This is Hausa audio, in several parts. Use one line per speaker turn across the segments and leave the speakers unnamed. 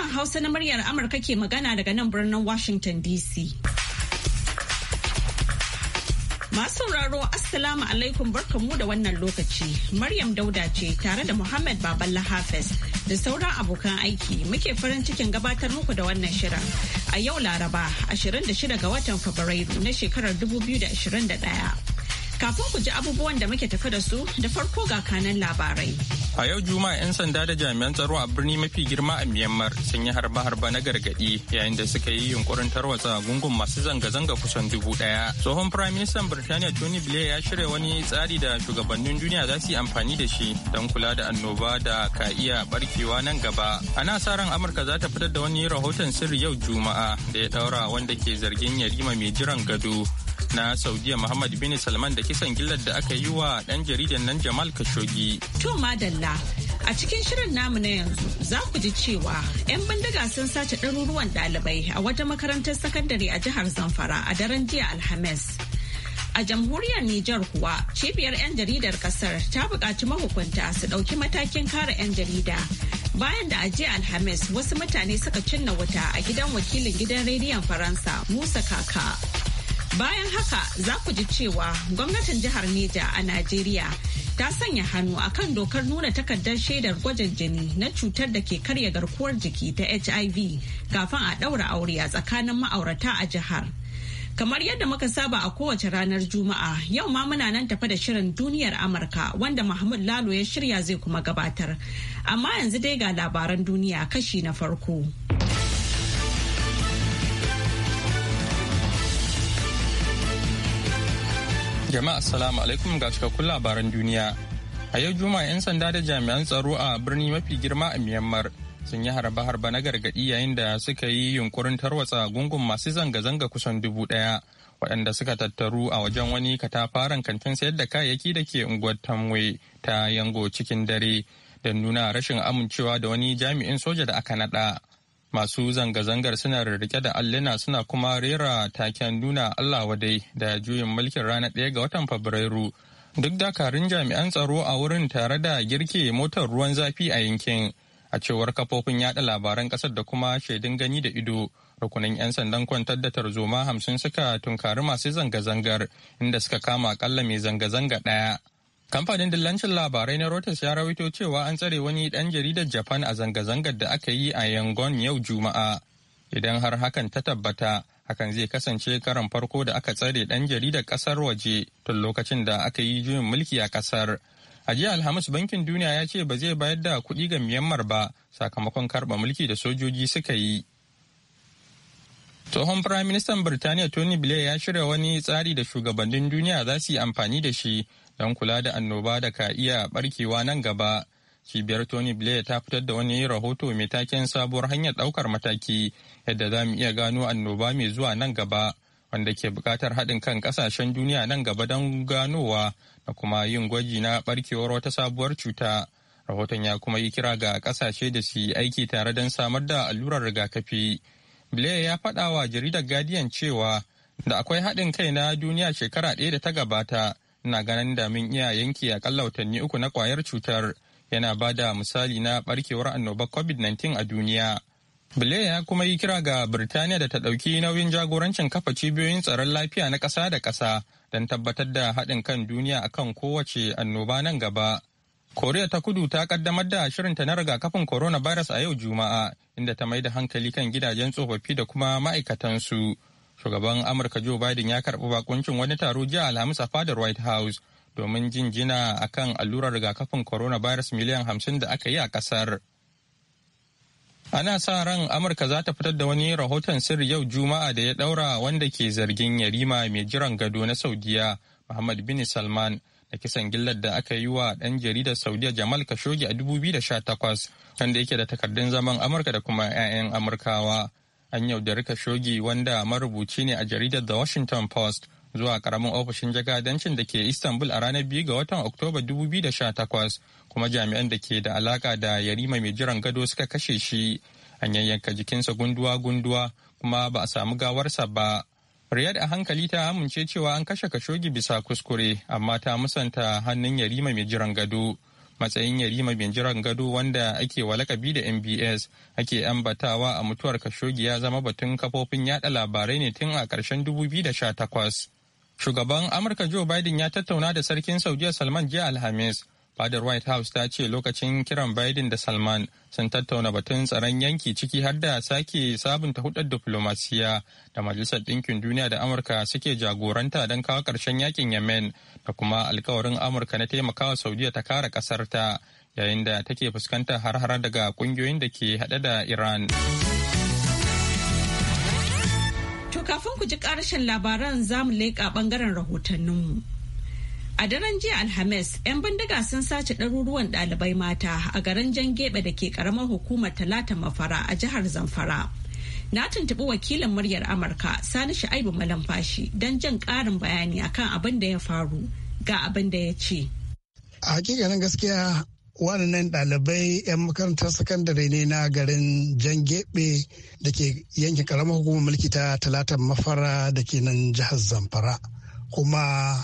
Sashen Hausa na muryar Amurka ke magana daga nan birnin Washington DC. Masu sauraro Assalamu alaikum mu da wannan lokaci. Maryam Dauda ce tare da Muhammad Baballa Hafiz da sauran abokan aiki muke farin cikin gabatar muku da wannan shirin. A yau Laraba 26 ga watan Fabrairu na shekarar 2021. Kafin ku ji abubuwan da muke tafi da su da farko ga kanan labarai.
A yau Juma'a 'yan sanda da jami'an tsaro a birni mafi girma a Myanmar sun yi harba-harba na gargadi yayin da suka yi yunkurin tarwatsa gungun masu zanga-zanga kusan dubu ɗaya. Tsohon Firayim Ministan Birtaniya Tony Blair ya shirya wani tsari da shugabannin duniya za su yi amfani da shi don kula da annoba da ka iya barkewa nan gaba. Ana sa ran Amurka za ta fitar da wani rahoton sirri yau Juma'a da ya ɗaura wanda ke zargin yarima mai jiran gado na saudiya muhammad bin salman da kisan gillar da aka yi wa dan jaridan nan jamal khashoggi
to madalla a cikin shirin namu na yanzu za ku ji cewa 'yan bindiga sun sace ɗaruruwan ɗalibai a wata makarantar sakandare a jihar zamfara a daren jiya alhamis a jamhuriyar Nijar kuwa cibiyar 'yan jaridar kasar ta buƙaci mahukunta su ɗauki matakin kare 'yan jarida bayan da ajiye alhamis wasu mutane suka cinna wuta a gidan wakilin gidan rediyon faransa musa kaka Bayan haka za ku ji cewa gwamnatin jihar Neja a Najeriya ta sanya hannu a kan dokar nuna takardar shaidar gwajin jini na cutar da ke karya garkuwar jiki ta HIV kafin a ɗaura aure a tsakanin ma'aurata a jihar. Kamar yadda muka saba a kowace ranar Juma'a, yau ma muna nan tafa da shirin duniyar Amurka wanda Mahmud Lalo ya shirya zai kuma gabatar. Amma yanzu dai ga labaran duniya kashi na farko.
Jama'a assalamu alaikum ga cikakkun labaran duniya. A yau Juma'a 'yan sanda da jami'an tsaro a birni mafi girma a Myanmar sun yi harba-harba na gargaɗi yayin da suka yi yunkurin tarwatsa gungun masu zanga-zanga kusan dubu ɗaya waɗanda suka tattaru a wajen wani katafaren kantin sayar da kayayyaki da ke unguwar Tamwe ta Yango cikin dare don nuna rashin amincewa da wani jami'in soja da aka naɗa. Masu zanga-zangar suna rirrike da alluna suna kuma rera taken nuna Allah wadai da juyin mulkin rana ɗaya ga watan Fabrairu. Duk dakarun jami'an tsaro a wurin tare da girke motar ruwan zafi a yankin. A cewar kafofin yada labaran ƙasar da kuma shaidun gani da ido, rukunin 'yan sandan kwantar da tarzoma hamsin suka tunkari masu zanga-zangar inda suka kama akalla mai zanga-zanga ɗaya. Kamfanin dillancin labarai na Reuters ya rawaito cewa an tsare wani ɗan jaridar Japan a zanga-zangar da aka yi a Yangon yau Juma'a. Idan har hakan ta tabbata, hakan zai kasance karan farko da aka tsare dan jaridar ƙasar waje tun lokacin da aka yi juyin mulki a ƙasar. A jiya Alhamis Bankin Duniya ya ce ba zai bayar da kuɗi ga Myanmar ba sakamakon karɓa mulki da sojoji suka yi. Tsohon Firaministan Birtaniya Tony Blair ya shirya wani tsari da shugabannin duniya za su yi amfani da shi don kula da annoba da ka iya barkewa nan gaba cibiyar tony blair ta fitar da wani rahoto mai taken sabuwar hanyar daukar mataki yadda za mu iya gano annoba mai zuwa nan gaba wanda ke bukatar haɗin kan ƙasashen duniya nan gaba don ganowa da kuma yin gwaji na barkewar wata sabuwar cuta rahoton ya kuma yi kira ga ƙasashe da su aiki tare don samar da allurar rigakafi blair ya faɗa wa jaridar guardian cewa da akwai haɗin kai na duniya shekara ɗaya da ta gabata ina ganin da min iya kalla watanni uku na kwayar cutar yana ba da misali na barkewar annobar covid-19 a duniya blair ya kuma yi kira ga birtaniya da ta ɗauki nauyin jagorancin kafa cibiyoyin tsaron lafiya na ƙasa da ƙasa don tabbatar da haɗin kan duniya akan kowace annoba nan gaba koriya ta kudu ta kaddamar da shirinta na rigakafin coronavirus a yau juma'a inda ta mai da hankali kan gidajen tsofaffi da kuma ma'aikatansu Shugaban Amurka Joe Biden ya karɓi bakuncin wani taro jiya Alhamis a fadar White House domin jin jina akan allurar rigakafin coronavirus miliyan hamsin da aka yi a kasar. Ana sa ran Amurka za ta fitar da wani rahoton sirri yau Juma'a da ya daura wanda ke zargin yarima mai jiran gado na Saudiya Muhammad bin Salman da kisan gillar da aka yi wa ɗan jaridar Saudiya Jamal Khashoggi a 2018 wanda yake da takardun zaman Amurka da kuma 'ya'yan Amurkawa. an yaudari Khashoggi wanda marubuci ne a jaridar The Washington Post zuwa karamin ofishin jagadancin da ke Istanbul a ranar 2 ga watan Oktoba 2018 kuma jami'an da ke da alaka da yarima mai jiran gado suka kashe shi an yayyanka jikinsa gunduwa-gunduwa kuma ba a samu gawarsa ba. Riyad a hankali ta amince cewa an kashe kashogi bisa kuskure amma ta musanta hannun yarima mai jiran gado. matsayin yarima binjiran gado wanda ake walakabi da mbs ake ambatawa a mutuwar kashogi ya zama batun kafofin yada labarai ne tun a ƙarshen 2018 shugaban amurka joe biden ya tattauna da sarkin saudiya salman jiya alhamis fadar white house ta ce lokacin kiran biden da salman sun tattauna batun tsaron yanki ciki har da sake sabunta hudar diplomasiya da majalisar ɗinkin duniya da amurka suke jagoranta don kawo ƙarshen yakin yemen da kuma alkawarin amurka na taimakawa saudiya ta kare ƙasarta yayin da take fuskantar har har daga ƙungiyoyin da ke haɗe da iran
to kafin ku ji ƙarshen labaran zamu leƙa ɓangaren rahotanninmu. A daren jiya Alhamis, 'yan bindiga sun sace ɗaruruwan ɗalibai mata a garin Jangebe da ke ƙaramar hukumar Talata Mafara a jihar Zamfara. Na tuntuɓi wakilin muryar Amurka Sani Sha'ibu Malamfashi don jan ƙarin bayani akan abin da ya faru ga abin da ya ce.
A hakikanin gaskiya waɗannan ɗalibai 'yan makarantar sakandare ne na garin Jangebe da ke yankin ƙaramar hukumar mulki ta Talatan Mafara da ke nan jihar Zamfara. Kuma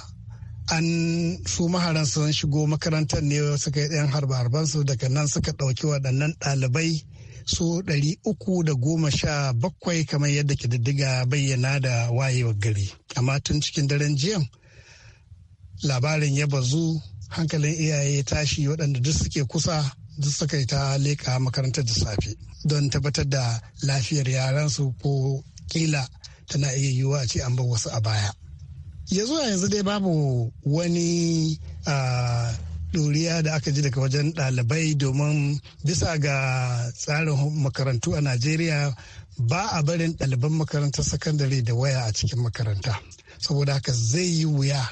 an su maharan sun shigo makarantar ne suka yi ɗayan harba-harbansu daga nan suka ɗauki waɗannan ɗalibai su ɗari uku da goma sha bakwai kamar yadda ke kididdiga bayyana da wayewar gari amma tun cikin daren jiyan labarin ya bazu hankalin iyaye tashi waɗanda duk suke kusa duk suka ta leƙa makarantar da safe don tabbatar da lafiyar yaransu ko kila tana iya yiwuwa a ce an bar wasu a baya ya zuwa yanzu dai babu wani ɗuriya da aka ji daga wajen ɗalibai domin bisa ga tsarin makarantu a najeriya ba a barin ɗaliban makarantar sakandare da waya a cikin makaranta saboda haka zai yi wuya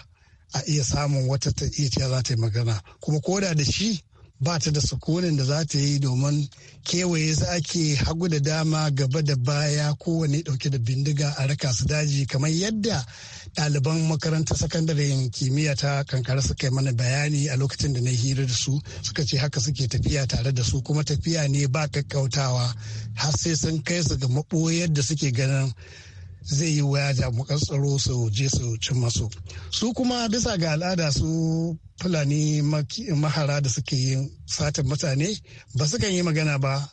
a iya samun wata ta iya za ta yi magana kuma koda da shi ba ta da sukunin da za ta yi domin kewaye za ake hagu da dama gaba da baya kowane dauke da bindiga a raka su daji kamar yadda ɗaliban makarantar sakandaren kimiyya ta kankara suka yi mana bayani a lokacin da na hira da su suka ce haka suke tafiya tare da su kuma tafiya ne ba kakkautawa har sai sun kai su ga maɓoyar da suke ganin zai yi waya jami'an tsaro su je su cin masu su kuma bisa ga al'ada su fulani mahara da suke yin satin mutane ba su kan yi magana ba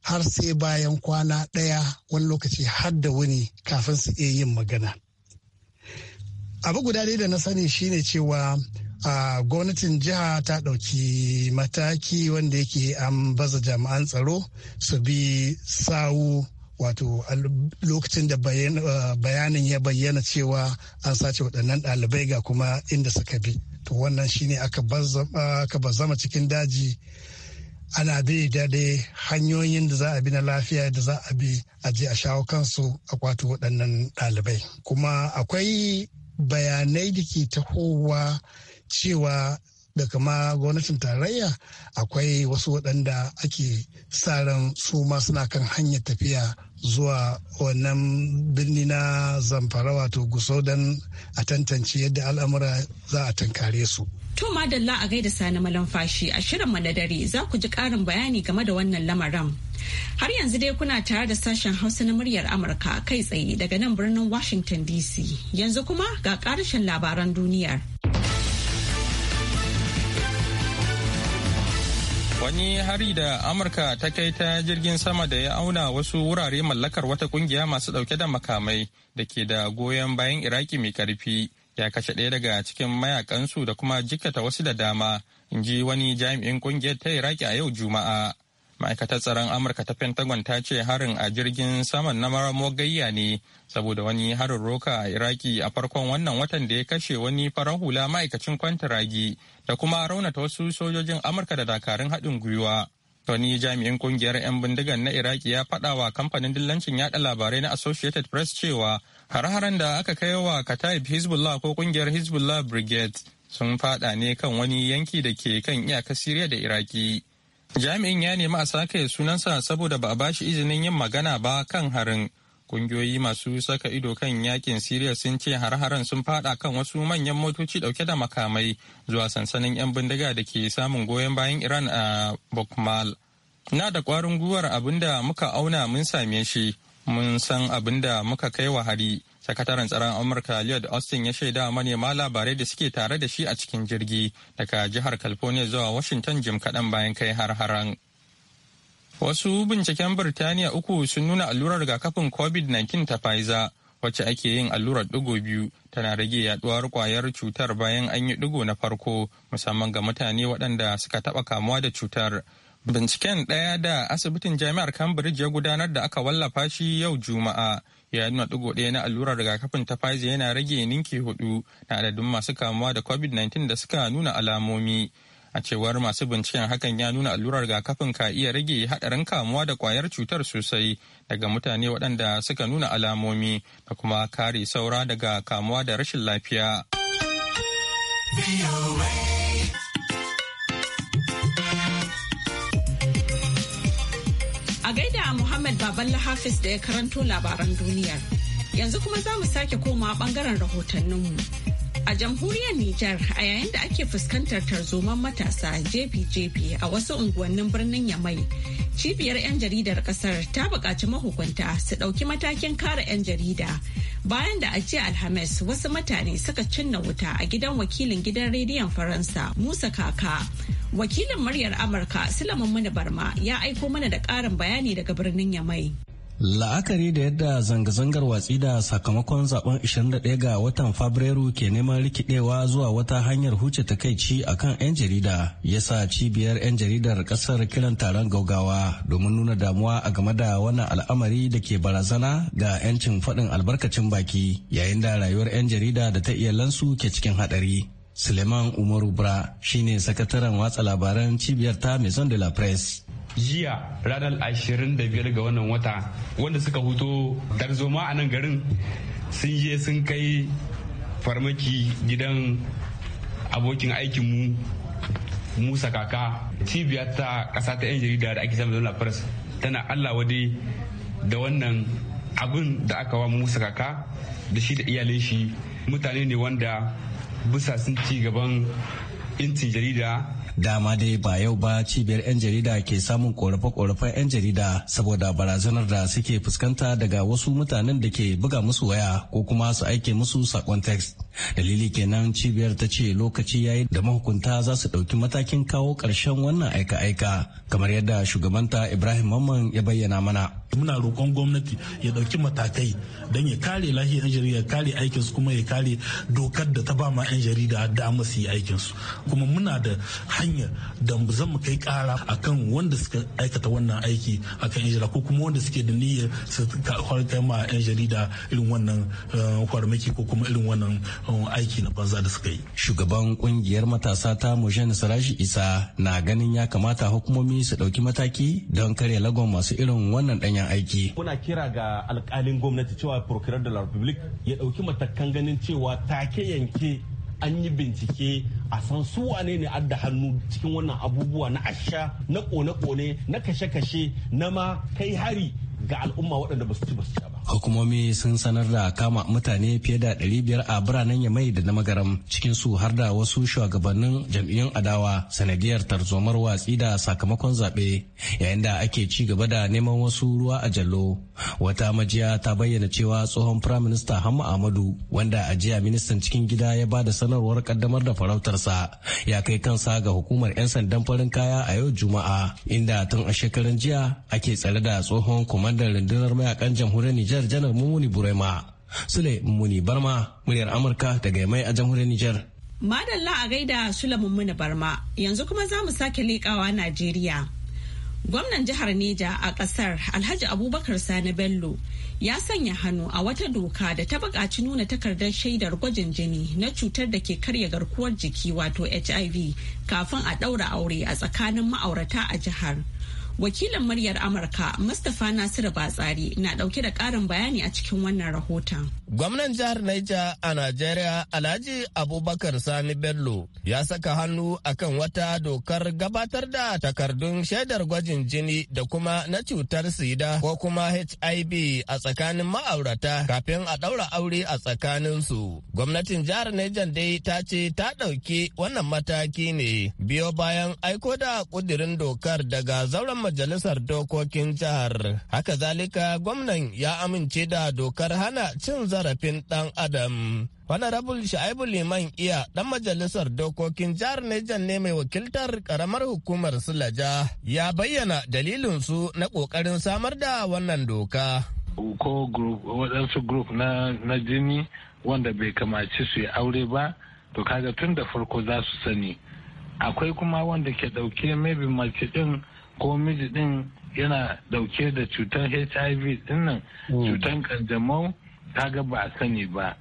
har sai bayan kwana ɗaya wani lokaci har da wuni kafin su iya yin magana abu guda dai da na sani shine cewa a gwamnatin jiha ta ɗauki mataki wanda yake an baza jami'an tsaro su bi sawu wato lokacin da uh, bayanin ya bayyana cewa an sace waɗannan ɗalibai ga kuma inda suka bi to wannan shine aka bazama uh, cikin daji ana bi da dai hanyoyin da za a bi na lafiya da za a bi a je a shawo kansu a kwato waɗannan ɗalibai kuma akwai bayanai da ke tahowa cewa da kama gwamnatin tarayya akwai wasu waɗanda ake sa ran su ma suna kan hanyar tafiya zuwa wannan birni na zamfara wato gusau don a tantance yadda al'amura za a tankare su.
To madalla a gaida sani malamfashi a shirin na dare za ku ji ƙarin bayani game da wannan lamarin. Har yanzu dai kuna tare da sashen Hausa na muryar Amurka kai tsaye daga nan birnin Washington DC. Yanzu kuma ga ƙarashin labaran duniyar.
Wani hari da Amurka ta kai ta jirgin sama da ya auna wasu wurare mallakar wata kungiya masu ɗauke da makamai da ke da goyon bayan Iraki mai karfi ya kashe ɗaya daga cikin mayakansu da kuma jikkata wasu da dama, in ji wani jami'in kungiyar ta Iraki a yau Juma'a. ma'aikatar tsaron amurka ta pentagon ta ce harin a jirgin saman na maramo gayya ne saboda wani harin roka a iraki a farkon wannan watan da ya kashe wani farar hula ma'aikacin kwantaragi da kuma raunata wasu sojojin amurka da dakarun haɗin gwiwa wani jami'in kungiyar 'yan bindigan na iraki ya faɗa wa kamfanin dillancin yada labarai na associated press cewa har-haren da aka kai wa kataib hezbollah ko kungiyar hezbollah brigade sun faɗa ne kan wani yanki da ke kan iyakar siriya da iraki Jami'in ya nemi a sake sunansa saboda ba a bashi izinin yin magana ba kan harin. Kungiyoyi masu saka ido kan yakin Siriya sun ce har-haren sun fada kan wasu manyan motoci dauke da makamai zuwa sansanin 'yan bindiga da ke samun goyon bayan Iran a Bokmal. Na da kwarin guwar abinda muka auna mun same shi, mun san abinda muka kai wa hari. sakataren tsaron amurka lloyd austin ya shaida manema labarai da suke tare da shi a cikin jirgi daga jihar california zuwa washington jim kaɗan bayan kai har-haren wasu binciken birtaniya uku sun nuna allurar rigakafin covid-19 ta pfizer wacce ake yin allurar ɗigo biyu tana rage yaduwar kwayar cutar bayan an yi ɗigo na farko musamman ga mutane waɗanda suka taɓa kamuwa da cutar binciken ɗaya da asibitin jami'ar cambridge ya gudanar da aka wallafa shi yau juma'a ya nuna ɗigo ɗaya na allurar rigakafin ta Pfizer yana rage ninki hudu na adadin masu kamuwa da COVID-19 da suka nuna alamomi. A cewar masu binciken hakan ya nuna allurar rigakafin ka iya rage haɗarin kamuwa da kwayar cutar sosai daga mutane waɗanda suka nuna alamomi da kuma kare saura daga kamuwa da rashin lafiya.
Balla Hafiz da ya karanto labaran duniyar. Yanzu kuma za mu sake komawa bangaren rahotanninmu. A jamhuriyar Nijar a yayin da ake fuskantar tarzoman matasa JPJP, a wasu unguwannin birnin Yamai, cibiyar 'yan jaridar kasar ta buƙaci mahukunta su ɗauki matakin kare 'yan jarida bayan da ce alhamis wasu mutane suka cinna wuta a gidan wakilin gidan rediyon faransa musa kaka Wakilin muryar Amurka Sulaiman mana Barma ya aiko mana da karin bayani daga birnin Yamai.
La'akari da yadda zanga-zangar watsi da sakamakon zaben 21 ga watan Fabrairu ke neman rikidewa zuwa wata hanyar huce ci a kan 'yan jarida ya sa cibiyar 'yan jaridar kasar kiran taron gaugawa domin nuna damuwa a game da wannan al'amari da ke barazana ga 'yancin faɗin albarkacin baki yayin da rayuwar 'yan jarida da ta iyalansu ke cikin haɗari. Suleiman Umaru Bra shine sakataren watsa labaran cibiyar ta Maison de la Presse.
jiya ranar 25 ga wannan wata wanda suka huto darzoma a nan garin sun je sun kai farmaki gidan abokin aikinmu musa kaka cibiya ta ƙasa ta 'yan jarida da ake samun la press tana allah wade da wannan abin da aka wa musa kaka da shi da iyalin shi mutane ne wanda bisa sun ci gaban incin jarida
dama dai ba yau ba cibiyar 'yan jarida ke samun korafe-korafen 'yan jarida saboda barazanar da suke fuskanta daga wasu mutanen da ke buga musu waya ko kuma su aike musu sakon text dalili kenan cibiyar ta ce lokaci yayi da mahukunta za su ɗauki matakin kawo ƙarshen wannan aika-aika kamar yadda shugabanta ibrahim mamman ya bayyana mana muna roƙon gwamnati ya ɗauki matakai don ya kare lahiyar 'yan jarida kare aikinsu kuma ya kare dokar da ta ba ma 'yan jarida damar su yi aikinsu kuma muna da hanya da zan mu kai kara akan wanda suka aikata wannan aiki akan yan jarida ko kuma wanda suke da niyyar su kai ma yan jarida irin wannan eh, farmaki ko kuma irin wannan eh, aiki na banza da suka yi. Shugaban kungiyar matasa ta Moshen Sarashi Isa na ganin ya kamata hukumomi su ɗauki mataki don kare lagon masu irin wannan danyen aiki. Kuna kira ga alkalin gwamnati cewa Procurator de la Republic ya ɗauki matakan ganin cewa take yanke an yi bincike a san su wane ne adda hannu cikin wannan abubuwa na asha na kone-kone na kashe-kashe na ma kai hari ga al'umma waɗanda ba su ci ba su sha ba hukumomi sun sanar da kama mutane fiye da 500 a biranen yamai da na magaram cikin su har da wasu shugabannin jam'iyyun adawa sanadiyar tarzomar watsi da sakamakon zaɓe yayin da ake ci gaba da neman wasu ruwa a jallo wata majiya ta bayyana cewa tsohon firaminista hamma amadu wanda a jiya ministan cikin gida ya ba da sanarwar kaddamar da farautarsa ya kai kansa ga hukumar 'yan sandan farin kaya a yau juma'a inda tun a shekaran jiya ake tsare da tsohon kwamandan rundunar mayakan jamhuriyar nijar Nijar janar Mumuni Burema. Sule Mumuni Barma muryar Amurka daga mai a jamhuriyar Nijar.
Madalla a gaida Sule Mumuni Barma yanzu kuma za mu sake leƙawa Najeriya. Gwamnan jihar Neja a ƙasar Alhaji Abubakar Sani Bello ya sanya hannu a wata doka da ta buƙaci nuna takardar shaidar gwajin jini na cutar da ke karya garkuwar jiki wato HIV kafin a ɗaura aure a tsakanin ma'aurata a jihar. Wakilin muryar Amurka Mustapha Nasiru Batsari na dauke da karin bayani a cikin wannan rahoton.
Gwamnan jihar Naija a Najeriya Alhaji Abubakar Sani Bello ya saka hannu akan wata dokar gabatar da takardun shaidar gwajin jini da kuma na cutar sida ko kuma HIV a tsakanin ma'aurata kafin a daura aure a tsakaninsu. Gwamnatin jihar Niger dai ta ce ta ɗauki wannan mataki ne biyo bayan aiko da ƙudirin dokar daga zauren majalisar dokokin jihar. Haka zalika gwamnan ya amince da dokar hana cin zarafin ɗan adam. Honorable Sha'ibu Liman Iya dan majalisar dokokin jihar Nijar ne mai wakiltar karamar hukumar Sulaja ya bayyana dalilin su na ƙoƙarin samar da wannan doka. Ko group waɗansu group na, na jini
wanda bai kamaci su yi aure ba, to kaga tun da farko za su sani. Akwai kuma wanda ke ɗauke maybe mace ɗin ko miji din yana dauke da cutar hiv dinnan mm. cutar kanjamau ta ga ba a sani ba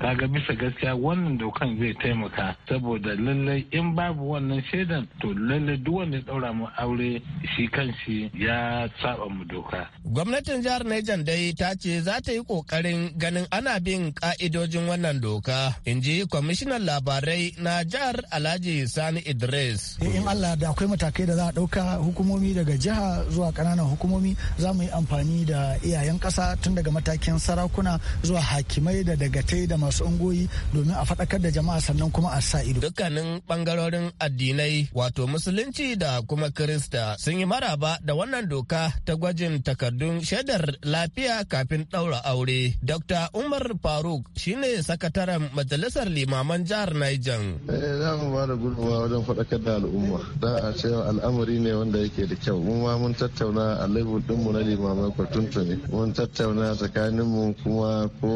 kaga bisa gaskiya wannan dokan zai taimaka saboda lallai in babu wannan shaidan to lallai duk wanda ya daura mu aure shi kanshi ya saba mu
doka
gwamnatin jihar Niger dai ta ce za ta yi kokarin ganin ana bin ka'idojin wannan doka in ji kwamishinan labarai na jihar Alhaji Sani Idris
eh, in Allah da akwai matakai da za a dauka hukumomi daga jiha zuwa ƙananan hukumomi za mu yi amfani da iyayen ƙasa tun daga matakin sarakuna zuwa hakimai da dagatai da da masu ungoyi domin a faɗakar da jama'a sannan kuma a sa ido.
Dukkanin bangarorin addinai wato musulunci da kuma kirista sun yi maraba da wannan doka ta gwajin takardun shaidar lafiya kafin ɗaura aure. Dr. Umar Faruk shine sakataren majalisar limaman jihar Niger.
Eh, za mu ba da gudunmawa wajen faɗakar da al'umma. Da a ce al'amari ne wanda yake da kyau. Mu ma mun tattauna a laifin ɗinmu na limaman kwatuntuni. Mun tattauna tsakaninmu kuma ko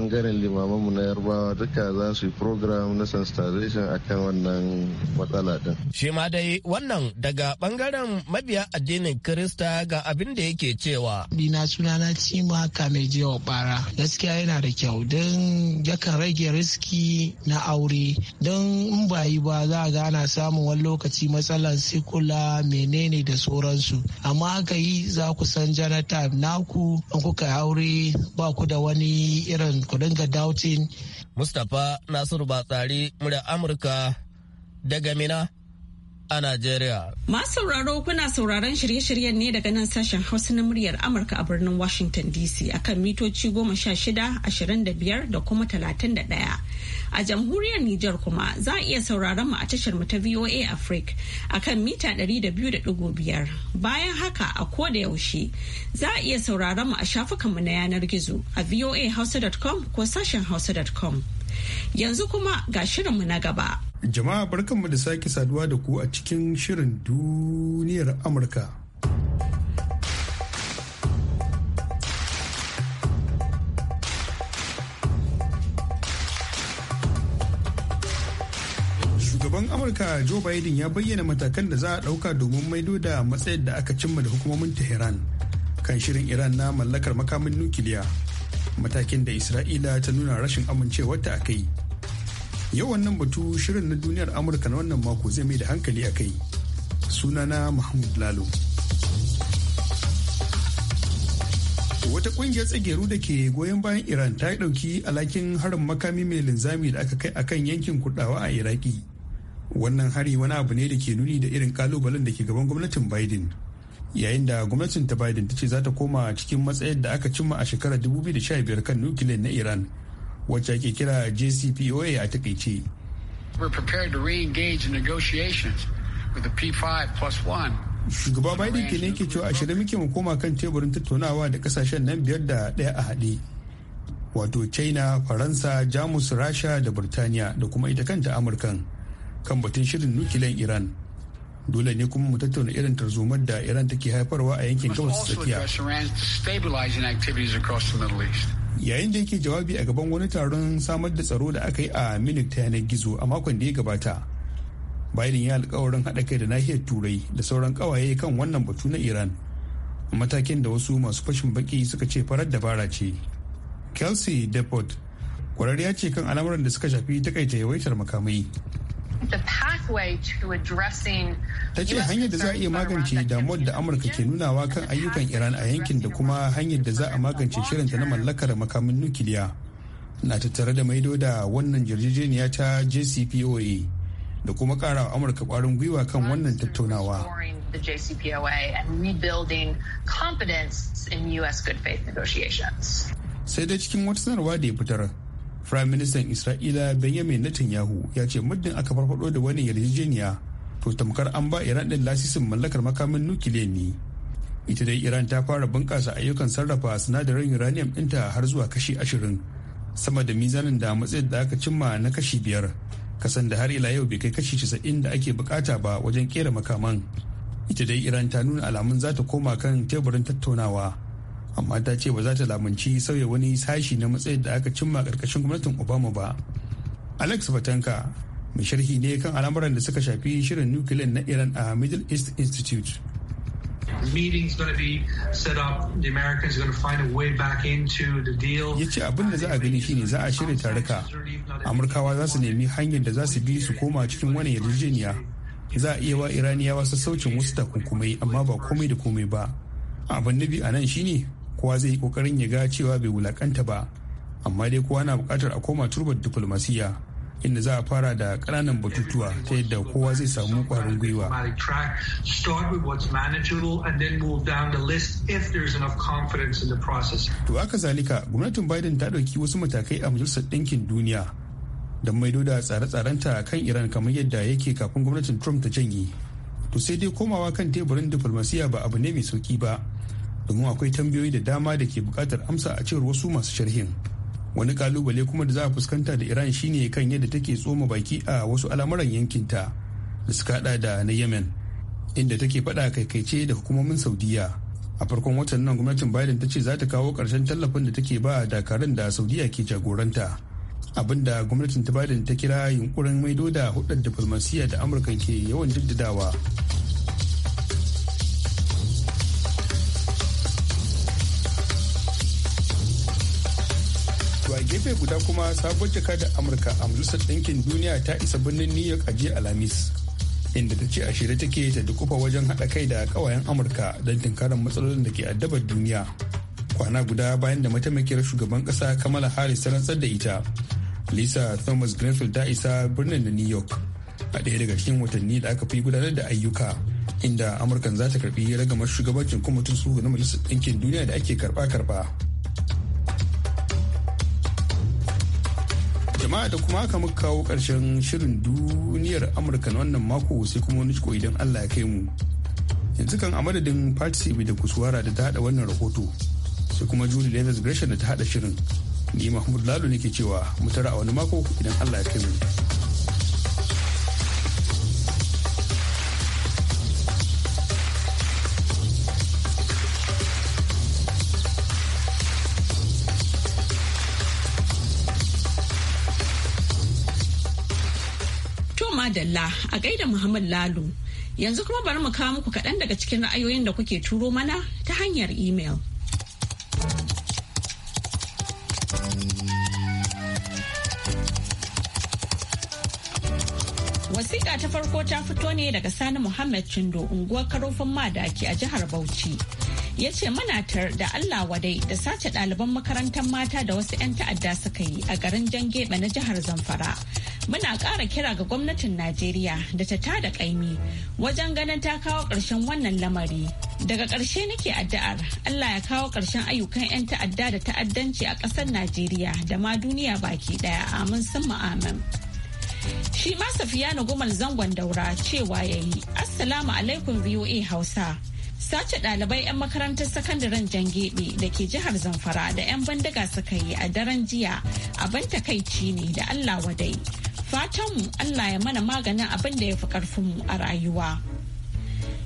bangaren limamanmu na yarbawa duka za su yi program na sensitization akan wannan
matsala din. Shi ma dai wannan daga bangaren mabiya addinin Kirista ga abin da yake cewa. Dina sunana Cima Kamejewa Bara gaskiya yana
da kyau don yakan rage riski na aure don in ba yi ba za a gana samun wani lokaci matsalar sikula menene da sauransu amma aka yi za ku san janata naku in kuka aure ba ku da wani irin
ku dinga doubting. Mustapha Nasiru Batsari, murya Amurka daga Mina a Najeriya.
Masu sauraro kuna sauraron shirye-shiryen ne daga nan sashen Hausa na muryar Amurka a birnin Washington DC akan mitoci goma sha shida, ashirin da biyar da kuma talatin da ɗaya. A jamhuriyar Nijar kuma za a iya sauraron mu a tashar mu ta VOA Africa akan mita ɗari da biyu da ɗigo biyar. Bayan haka a ko da yaushe za a iya sauraron mu a shafukan mu na yanar gizo a voahausa.com ko sashen hausa.com. Yanzu kuma ga shirinmu na gaba.
Jama'a barkanmu da sake saduwa da ku a cikin shirin duniyar Amurka. Shugaban Amurka Joe Biden ya bayyana matakan da za a ɗauka domin maido da matsayin da aka cimma da hukumomin Tehran kan shirin Iran na mallakar makamin nukiliya. Matakin da Isra'ila ta nuna rashin amincewarta a kai. Yau wannan batu shirin na duniyar Amurka na wannan mako zai mai da hankali a kai. suna na Mahmud Lalo. Wata kungiyar tsageru da ke goyon bayan Iran ta yi ɗauki alhakin harin makami mai linzami da aka kai akan yankin kudawa a Iraki. Wannan hari wani abu ne da ke nuni da irin kalubalen da ke gaban gwamnatin Biden. yayin da gwamnatin ta Biden ta ce za ta koma cikin matsayin da aka cimma a shekarar 2015 kan nukiliyar na Iran wacce ake kira jcpoa a takaice
shugaba biden ke ne
ke cewa a shirin muke mu koma kan teburin tattaunawa da kasashen nan biyar da ɗaya a haɗe wato china faransa jamus rasha da burtaniya da kuma ita kanta amurkan kan batun shirin nukilan iran dole ne kuma mu tattauna irin tarzomar da iran take haifarwa a yankin gabas tsakiya yayin da yake jawabi a gaban wani taron samar da tsaro da aka yi a milik ta yanar gizo a makon da ya gabata biden ya alkawarin haɗa kai da nahiyar turai da sauran ƙawaye kan wannan batu na iran matakin da wasu masu fashin baki suka ce farar dabara ce kelsey depot kwararriya ce kan al'amuran da suka shafi takaita yawaitar makamai ta ce hanyar da za a iya magance damuwar da amurka ke nunawa kan ayyukan iran a yankin da kuma hanyar da za a magance shirinta na mallakar makamin nukiliya na tattare da maido da wannan jirjejeniya ta jcpoa da kuma kara amurka kwarin gwiwa kan wannan tattaunawa sai dai cikin wata sanarwa da ya fitar Prime Minister Isra'ila Benjamin Netanyahu ya ce muddin aka farfado da wani yarjejeniya to tamkar an ba Iran din lasisin mallakar makamin nukiliya ne. Ita dai Iran ta fara bunƙasa ayyukan sarrafa sinadarin uranium ɗinta har zuwa kashi ashirin sama da mizanin da matsayin da aka cimma na kashi biyar kasan da har ila yau bai kai kashi casa'in da ake bukata ba wajen kera makaman. Ita dai Iran ta nuna alamun za ta koma kan teburin tattaunawa amma ta ce ba za ta lamunci sauya wani sashi na matsayin da aka cimma karkashin gwamnatin obama ba alex batanka mai sharhi ne kan al'amuran da suka shafi shirin nukiliyan na iran a middle east institute ya ce abin da za a gani shine za a shirya taruka amurkawa za su nemi hanyar da za su bi su koma cikin wani yarjejeniya za a iya wa iraniyawa sassaucin wasu takunkumai amma ba komai da komai ba abin nabi a nan shine kowa zai yi kokarin ya ga cewa bai wulakanta ba amma dai kowa na bukatar a koma turbar diflomasiya inda za a fara da ƙananan batutuwa ta yadda kowa zai samu ƙwarin gwiwa. To aka zalika gwamnatin Biden ta ɗauki wasu matakai a majalisar ɗinkin duniya don maido da tsare-tsarenta kan Iran kamar yadda yake kafin gwamnatin Trump ta janye. To sai dai komawa kan teburin diflomasiya ba abu ne mai sauki ba. domin akwai tambayoyi da dama da ke bukatar amsa a cewar wasu masu sharhin wani kalubale kuma da za a fuskanta da iran shine kan yadda take tsoma baki a wasu al'amuran yankinta da suka hada da na yemen inda take faɗa kaikaice da hukumomin saudiya a farkon watan nan gwamnatin biden ta ce za ta kawo karshen tallafin da take ba dakarun da saudiya ke jagoranta abinda gwamnatin ta biden ta kira yunkurin maido da hudar diflomasiyya da amurka ke yawan jaddadawa gefe guda kuma sabon da amurka a majalisar ɗinkin duniya ta isa birnin new york a jiya alhamis inda ta ce a shirye take ta dukufa wajen haɗa kai da ƙawayen amurka don tunkarar matsalolin da ke addabar duniya kwana guda bayan da mataimakiyar shugaban ƙasa kamala harris ta rantsar da ita lisa thomas greenfield ta isa birnin da new york a ɗaya daga cikin watanni da aka fi gudanar da ayyuka inda amurkan za ta karɓi ragamar shugabancin tun su na majalisar ɗinkin duniya da ake karɓa-karɓa jama'a da kuma aka muka kawo ƙarshen shirin duniyar amurka na wannan mako sai kuma wani ciko idan allah ya kai mu yanzu kan a madadin participe da kusuwara da ta haɗa wannan rahoto sai kuma julie leathers gresham da ta hada shirin ni mahmud lalo ne ke cewa mu tara a wani mako idan allah ya kai mu
madalla a gaida Muhammad lalu Yanzu kuma bari mu kawo muku kaɗan daga cikin ra'ayoyin da kuke turo mana ta hanyar imel. Wasiƙa ta farko ta fito ne daga Sani Muhammad Chindo unguwar karofin madaki a jihar Bauchi. ya ce manatar da Allah wadai da sace ɗaliban makarantar mata da wasu 'yan ta'adda suka yi a garin Jangebe na jihar Zamfara. muna ƙara kira ga gwamnatin Najeriya da ta tada kaimi wajen ganin ta kawo ƙarshen wannan lamari. Daga ƙarshe nake addu'ar Allah ya kawo ƙarshen ayyukan 'yan ta'adda da ta'addanci a ƙasar Najeriya da ma duniya baki ɗaya amin sun amin. Shi ma na Gumal zangon daura cewa yayi Assalamu alaikum VOA Hausa. sace ɗalibai 'yan makarantar sakandaren jangebe da ke jihar zamfara da 'yan bandaga suka yi a daren jiya abin takaici ne da allah wadai fatanmu Allah ya mana maganin abin da ya fi ƙarfinmu a rayuwa.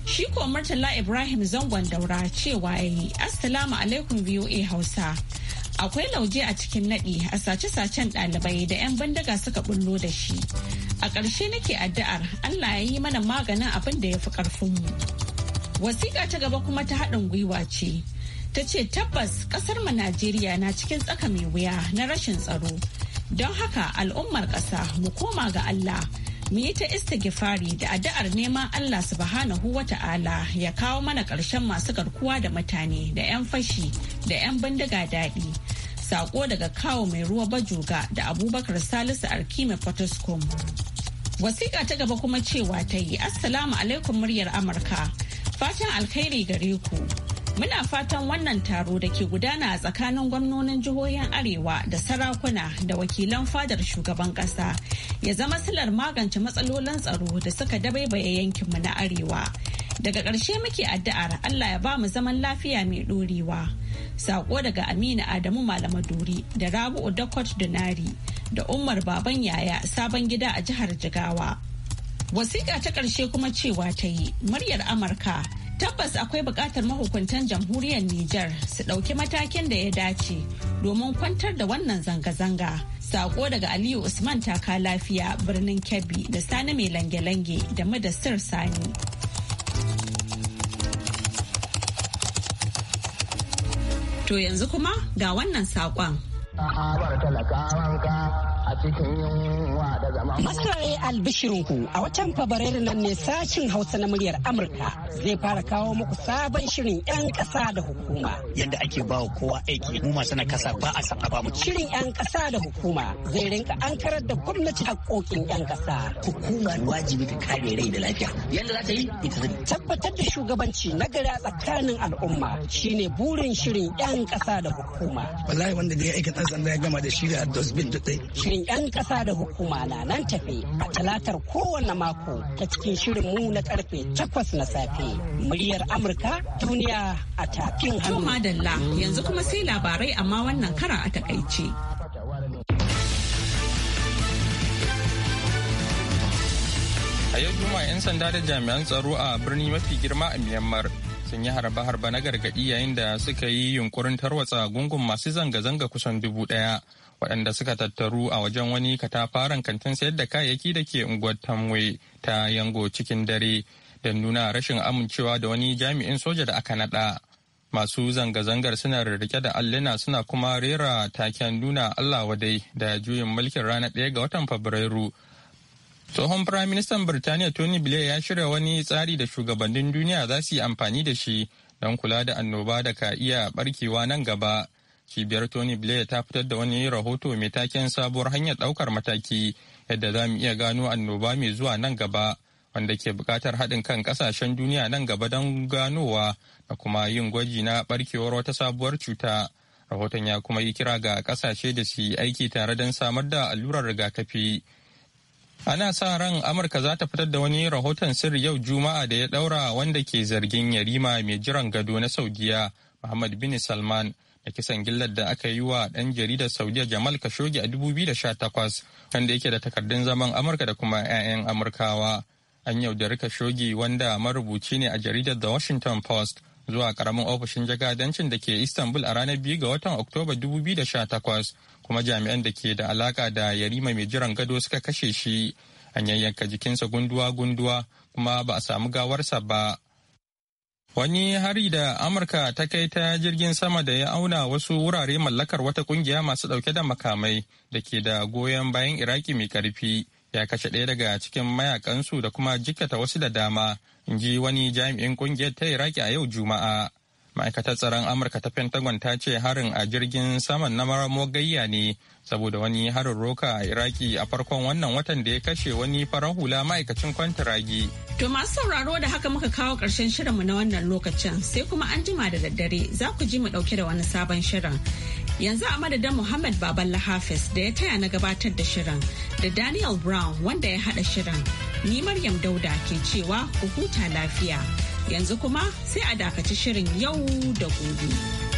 Shi ko Murtala Ibrahim zangon daura cewa ya yi, Assalamu alaikum VOA Hausa. Akwai lauje a cikin naɗi a sace-sacen ɗalibai da 'yan bandaga suka bullo da shi. A ƙarshe nake addu'ar Allah ya yi mana maganin abin da ya fi ƙarfinmu. Wasiƙa ta gaba kuma ta haɗin gwiwa ce. Ta ce tabbas ƙasar mu Najeriya na cikin tsaka mai wuya na rashin tsaro. Don haka al'ummar ƙasa mu koma ga Allah. mu yi ta istighfari da addu'ar neman Allah subhanahu wa ta'ala ya kawo mana ƙarshen masu garkuwa da mutane da 'yan fashi da 'yan bindiga daɗi. Sako daga kawo mai ruwa bajuga da abubakar salisu arkime potoskom Wasiƙa ta gaba kuma cewa ta yi Assalamu alaikum muryar Amurka. Fatan alkhairi gare ku. Muna fatan wannan taro da ke gudana a tsakanin gwamnonin jihohin Arewa da sarakuna da wakilan fadar shugaban Kasa ya zama silar magance matsalolin tsaro da suka dabaibaye yankinmu na Arewa. Daga ƙarshe muke addu'ar Allah ya ba mu zaman lafiya mai ɗorewa. Sako daga Aminu Adamu Malamaduri da Rabu'u Dakot Dunari da Umar Baban Yaya sabon gida a jihar Jigawa. Wasiƙa ta ƙarshe kuma cewa ta yi muryar Amurka Tabbas akwai bukatar mahukuntan jamhuriyar Nijar su ɗauki matakin da ya dace domin kwantar da wannan zanga-zanga. Sako daga Aliyu Usman taka lafiya birnin Kebbi da Sani mai lange-lange da Madassir Sani. To yanzu kuma ga wannan saƙon. a cikin yunwa da Masarar albishirinku a watan Fabrairu nan ne sashin Hausa na muryar Amurka zai fara kawo muku sabon shirin 'yan ƙasa da hukuma.
Yadda ake ba wa kowa aiki mu masu na kasa ba a san a bamu. Shirin 'yan ƙasa
da hukuma zai rinka ankarar da gwamnati haƙoƙin 'yan ƙasa. Hukuma wajibi ta
kare rai da lafiya. Yadda za ta yi ita zai.
Tabbatar da shugabanci na gari a tsakanin al'umma shine burin shirin 'yan ƙasa da hukuma.
Wallahi wanda da ya aika sanda ya gama da shi da
dosbin duk
shirin 'yan kasa da hukuma na nan tafe a talatar kowane mako ta cikin shirin mu na karfe takwas na safe. Muryar Amurka duniya a tafin hannu. madalla yanzu kuma sai labarai amma wannan kara a takaice.
A yau Juma'a 'yan sanda da jami'an tsaro a birni mafi girma a Myanmar sun yi harba-harba na gargaɗi yayin da suka yi yunkurin tarwatsa gungun masu zanga-zanga kusan dubu ɗaya waɗanda suka tattaru a wajen wani katafaren kantin sayar da kayayyaki da ke unguwar tamwe ta yango cikin dare don nuna rashin amincewa da wani jami'in soja da aka naɗa masu zanga-zangar suna rike da alluna suna kuma rera taken nuna allah wadai da juyin mulkin ranar ɗaya ga watan fabrairu tsohon firaministan birtaniya tony blair ya shirya wani tsari da shugabannin duniya za su yi amfani da shi don kula da annoba da ka iya barkewa nan gaba cibiyar tony blair ta fitar da wani rahoto mai taken sabuwar hanyar daukar mataki yadda za mu iya gano annoba mai zuwa nan gaba wanda ke bukatar haɗin kan kasashen duniya nan gaba don ganowa da kuma yin gwaji na barkewar wata sabuwar cuta rahoton ya kuma yi kira ga kasashe da su aiki tare don samar da allurar rigakafi ana sa ran amurka za ta fitar da wani rahoton sirri yau juma'a da ya daura wanda ke zargin yarima mai jiran gado na saudiya Muhammad bin Salman da kisan gillar da aka yi wa ɗan jaridar saudiya jamal kashoge a 2018 wanda yake da takardun zaman amurka da kuma 'ya'yan amurkawa an yaudari kashogi wanda marubuci ne a jaridar the washington post zuwa karamin ofishin jagadancin da ke istanbul a ranar 2 ga watan oktoba 2018 kuma jami'an da ke da alaka da yarima mai jiran gado suka kashe shi an yayyanka jikinsa gunduwa-gunduwa kuma ba a samu gawarsa ba Wani hari da Amurka ta kai ta jirgin sama da ya auna wasu wurare mallakar wata kungiya masu ɗauke da makamai da ke da goyon bayan Iraki mai karfi ya kashe ɗaya daga cikin mayakansu da kuma jikkata wasu da dama, in ji wani jami'in kungiyar ta Iraki a yau Juma'a. ma'aikatar tsaron amurka ta pentagon ta ce harin a jirgin saman na maramo gayya ne saboda wani harin roka a iraki a farkon wannan watan da ya kashe wani farar hula ma'aikacin kwantiragi
to masu sauraro da haka muka kawo karshen shirinmu na wannan lokacin sai kuma an jima da daddare za ku ji mu dauke da wani sabon shirin yanzu a madadin muhammad baballa hafiz da ya taya na gabatar da shirin da daniel brown wanda ya hada shirin ni maryam dauda ke cewa ku huta lafiya Yanzu kuma sai a dakaci shirin yau da gobe.